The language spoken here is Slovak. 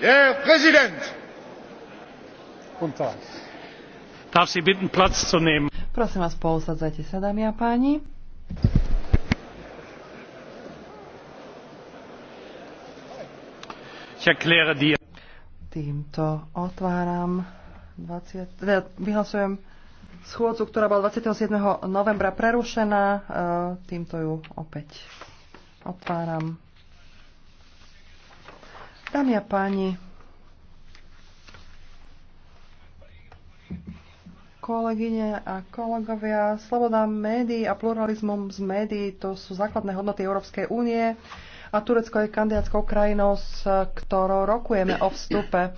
herr präsident! darf sie bitten platz zu nehmen. prosím vás pousadzajte sa dámy a páni. týmto otváram 20, teda eh, vyhlasujem schôdzu, ktorá bola 27. novembra prerušená. Eh, týmto ju opäť otváram. Dámy a páni, kolegyne a kolegovia, sloboda médií a pluralizmom z médií to sú základné hodnoty Európskej únie a Turecko je kandidátskou krajinou, s ktorou rokujeme o vstupe.